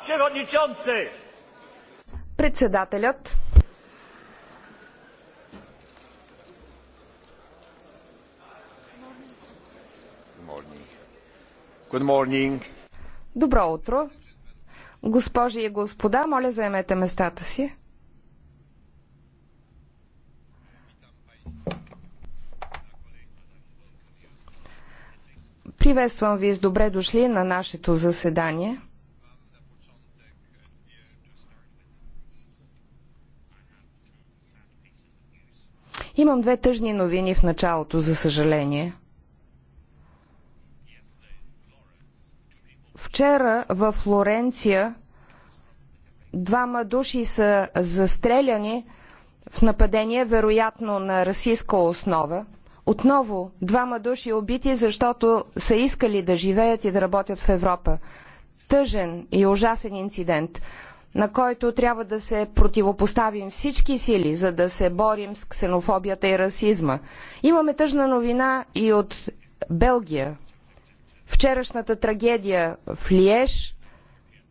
Przewodniczący! Председателят Good morning. Добро утро! Госпожи и господа, моля заемете местата си. Приветствам ви с добре дошли на нашето заседание. Имам две тъжни новини в началото, за съжаление. Вчера в Флоренция двама души са застреляни в нападение, вероятно на расистска основа. Отново двама души убити, защото са искали да живеят и да работят в Европа. Тъжен и ужасен инцидент на който трябва да се противопоставим всички сили, за да се борим с ксенофобията и расизма. Имаме тъжна новина и от Белгия. Вчерашната трагедия в Лиеж